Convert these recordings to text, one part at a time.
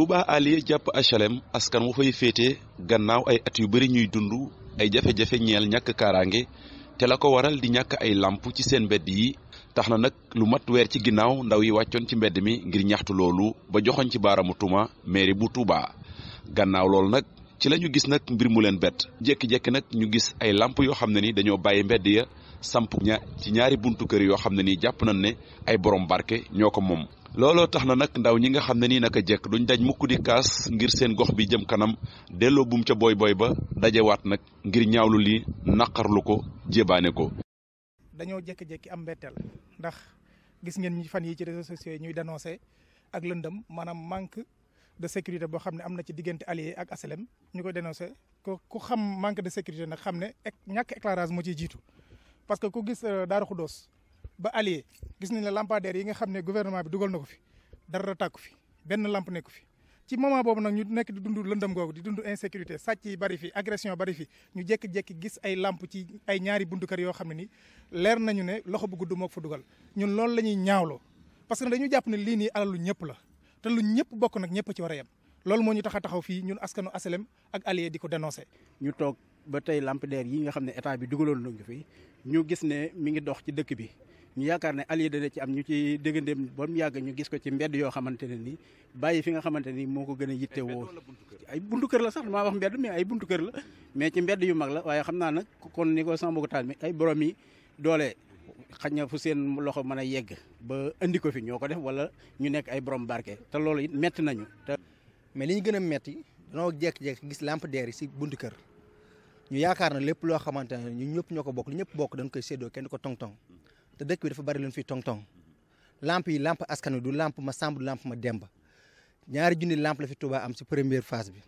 Touba Alieu jàpp HLM askan wu fay féete gannaaw ay at yu bëri ñuy dund ay jafe-jafe ñeel ñàkk kaaraange te la ko waral di ñàkk ay làmp ci seen mbedd yi tax na nag lu mat weer ci ginnaaw ndaw yi wàccoon ci mbedd mi ngir ñaxtu loolu ba joxoñ ci baaramu tuma mairie bu Touba gannaaw loolu nag ci la ñu gis nag mbir mu leen bett jékki-jékki nag ñu gis ay làmp yoo xam ne ni dañoo bàyyi mbedd ya samp ci ñaari buntu kër yoo xam ne nii jàpp nañ ne ay borom barke ñoo ko moom looloo tax na nag ndaw ñi nga xam ne nii naka jekk duñ daj mukk di kaas ngir seen gox bi jëm kanam delloo buum ca booy booy ba dajewaat nag ngir ñaawlu li naqarlu ko jébaane ko. dañoo jékki-jékki am mbetteel ndax gis ngeen ñi fan yi ci réseaux sociaux yi ñuy dénoncé ak lëndëm maanaam manque de sécurité boo xam ne am na ci diggante allié ak ASLM ñu koy dénoncé ko ku xam manque de sécurité nag xam ne ñàkk éclairage moo ciy jiitu parce que ku gis euh, Daaru Xudoos ba allié gis nañ ne lampadaire yi nga xam ne gouvernement bi dugal na ko fi dara tàkk fi benn lamp nekku fi ci moment boobu nag ñu nekk di dund lëndëm googu di dund insécurité sàcc yi bari fi agression bari fi ñu jékki-jékki gis ay lamp ci ay ñaari buntu kër yoo xam ne ni leer nañu ne loxo bu gudd moo ko fa dugal ñun loolu la ñuy ñaawloo parce que dañu jàpp ne lii nii alalu ñëpp la te lu ñëpp bokk nag ñëpp ci war a yem loolu moo ñu tax a taxaw fii ñun askanu asalem ak allié di ko ñu toog ba tey lampadaire yi nga xam ne état bi dugaloon nañu fi ñu gis ne mi ngi dox ci dëkk bi ñu yaakaar ne allié dana ci am ñu ci déggandeem ba mu yàgg ñu gis ko ci mbedd yoo xamante ne nii bàyyi fi nga xamante ni moo ko gën a yitte woo ay buntu kër la sax maa wax mbedd mais ay buntu kër la mais ci mbedd yu la waaye xam naa nag kon ni ko sama mbokk taal mi ay borom yi doole xaj fu seen loxo mën a yegg ba indi ko fi ñoo ko def wala ñu nekk ay borom barke te loolu it metti nañu te mais li ñu gën a metti danoo jekk-jekk gis deer yi si buntu kër ñu yaakaar na lépp loo xamante ne ñun ñëpp ñoo ko bokk li ñëpp bokk dañ koy séddoo kenn ko tong-tong te dëkk bi dafa bari leen fi tong-tong lamp yi lamp askan du lamp ma sàmb du lamp ma demb ñaari junni lamp la fi Touba am si première phase bi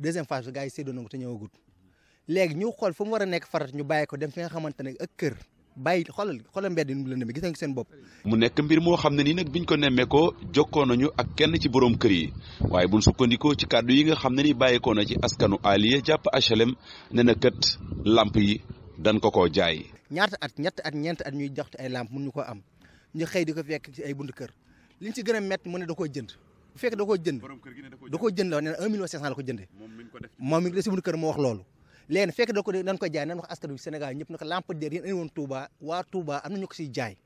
deuxième phase bi gars yi séddoo na ko te ñëwagut léegi ñu xool fu mu war a nekk farat ñu bàyyi ko dem fi nga xamante ne ak kër bàyyi xoolal xoolal mbedd yi la demee gis nga seen bopp. mu nekk mbir moo xam ne nii nag biñ ko nemmeekoo jokkoo nañu ak kenn ci borom kër yi waaye buñ sukkandikoo ci kàddu yi nga xam ne ni bàyyeekoo na ci askanu Aliya jàpp HLM ne na kët lamp yi dan ko koo jaay. ñaata at ñetti at ñeenti at ñuy jox ay làmp mun ñu ko am ñu xëy di ko fekk ci ay buntu kër li ñu ci a métti mu ne da koo jënd bu fekkee da koo jënd da koo ko moom mi ngi ko def ci fekk ko dañ ko jaay nan wax askan wi Sénégal ñëpp na ko lampadaire yéen indi woon Touba ñu ko siy jaay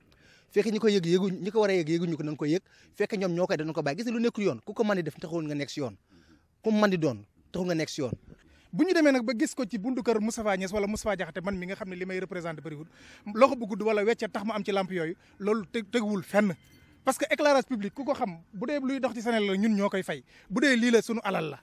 yëg ñu ko war a yëg yëguñu ko nañ ko yëg fekk ñoom ñoo koy danañ ko bàyyi gis lu nekkul yoon ku ko mën di def taxawul nga nekk si doon taxul nga nekk si yoon bu ñu demee nag ba gis ko ci buntu kër Moustapha Niass wala Moustapha Diakhaté man mi nga xam ne li may représenté bëriwul loxo bu gudd wala weccet tax ma am ci lamp yooyu loolu te teguwul fenn parce que éclairage public ku ko xam bu dee luy dox ci Sénégal la ñun ñoo koy fay bu dee lii la sunu alal la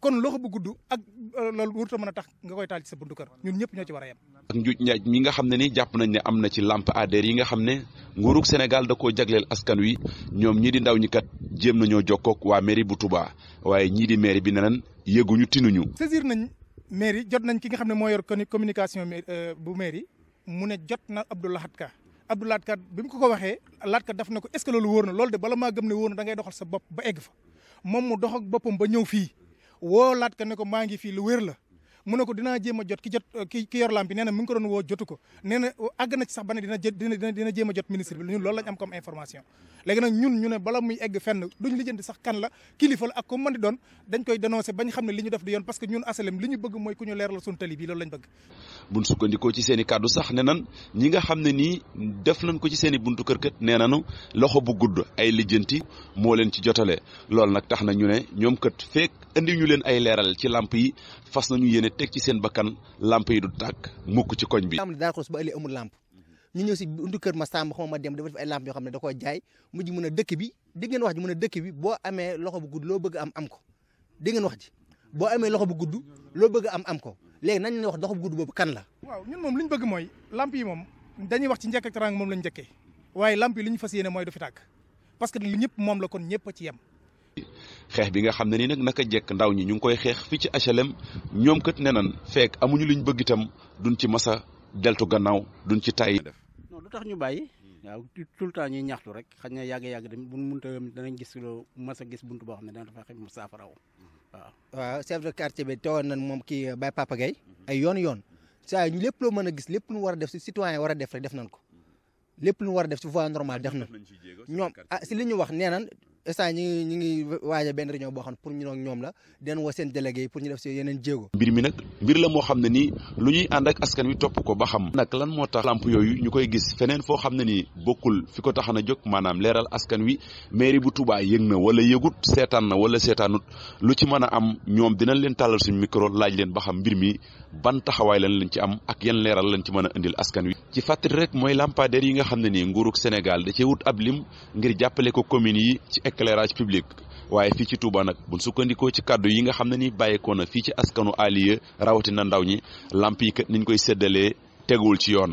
kon loxo bu gudd ak Euh, loolu wurta mën a tax nga koy taal ci sa buntu kër ñun ñëpp ñoo ci war a yem ak njuuj njaaj mi nga xam ne ni jàpp nañ ne am na ci làmp ADR yi nga xam ne nguurug Sénégal da koo jagleel askan wi ñoom ñii di ndaw ñi kat jéem nañoo jokkook waa mairie bu Touba waaye ñii di mairie bi ne nan yëguñu tinuñu saisir nañ mairie jot nañ ki nga xam ne moo yor communication euh, bu mairie mu ne jot na Abdou Lahad Ka Abdou Lahad Ka bi mu ko ko waxee Lahad Ka daf na ko est ce que na loolu de bala maa gëm ne wóor da ngay doxal sa bopp ba egg fa moom mu dox ak boppam ba ñëw fii woolaat ko ne ko maa ngi fii lu wér la mu ne ko dinaa jéem a jot ki jot ki ki yor lamp bi nee na mu ngi ko doon woo jotu ko nee na oh, àgg na ci sax ba ne dina dina dina a jot ministre bi ñun loolu am comme information léegi nag ñun ñu ne bala muy egg fenn duñ lijjanti sax kan la kilifa la ak ko mën di doon dañ koy dénoncer bañ xam ne li ñu def di yoon parce que ñun asalem li ñu bëgg mooy ku ñu leeral suñu tali bi loolu lañ bëgg buñ sukkandikoo ci seen i sax ne nan ñi nga xam ne nii def nañ ko ci seen i buntu kër kët nee nanu loxo bu gudd ay lijjanti moo leen ci jotale loolu nag tax na ñu ne ñoom kët indi ñu leen ay leeral ci làmp yi fas nañu yéene teg ci seen bakkan làmp yi du tàkk mukk ci koñ bi. daa xos ba ëllëg amul làmp ñu ñëw si undu kër ma sàmm xaw ma dem dafa def ay làmp yoo xam ne da jaay mujj ji mun a dëkk bi boo amee loxo bu gudd loo bëgg am am ko dégg ngeen wax ne wax loxo bu gudd boobu kan la. waaw ñun moom li ñu bëgg mooy làmp yi moom dañuy wax ci njëkk ak teraanga moom lañ njëkkee waaye làmp yi li ñu fas yéene mooy du fi tàkk parce que moom la kon ñëpp a ci yem xeex bi nga xam ne ni nag naka jekk ndaw ñi ñu ngi koy xeex fii ci HLM ñoom kat ne nan fekk amuñu luñ bëgg itam duñ ci masa deltu gannaaw duñ ci tay non lu tax ñu bàyyi waaw tout le temps ñuy ñaxtu rek xañ na yàgg-yàgg tamit buñ mënta danañ gis loo mas a gis buntu boo xam ne dana dafa mu saafara waaw waaw chef de quartier bi teewoon moom kii euh, Baye Papa yoon yoon saa lépp loo mën a gis lépp lu war a def si citoyen war a def rek def ko lépp lu war a si voie normale def nañ ñoom ah si li wax nee nañ instant ñu ngi ñu ngi waaja benn réunion boo xam ne pour ñu ñoom la den woo seen délégué yi pour ñu def si yeneen jéego. mbir mi nag mbir la moo xam ne nii lu ñuy ànd ak askan wi topp ko ba xam. nag lan moo tax lamp yooyu ñu koy gis feneen foo xam ne nii bokkul fi ko taxan a jóg maanaam leeral askan wi mairie bu Touba yëg na wala yëgut seetaan na wala seetaanut lu ci mën a am ñoom dinañ leen tàllal suñu micro laaj leen ba xam mbir mi ban taxawaay lañ leen ci am ak yan leeral lañ ci mën a indil askan wi. ci fàttali rek mooy lampadaire yi nga xam ne nii nguurug Sénégal da cee wut ab ngir jàppale ko yi éclairage public waaye fii ci tuuba nag buñ sukkandikoo ci kàddu yi nga xam ne ni bàyyikoo na fii ci askanu aliye rawatina ndaw ñi lamp yi kat niñ koy séddalee teguwul ci yoon